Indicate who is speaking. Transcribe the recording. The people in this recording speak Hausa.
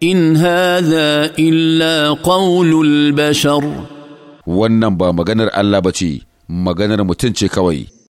Speaker 1: in hadha illa qawlul bashar
Speaker 2: wannan ba maganar Allah bace maganar mutum ce kawai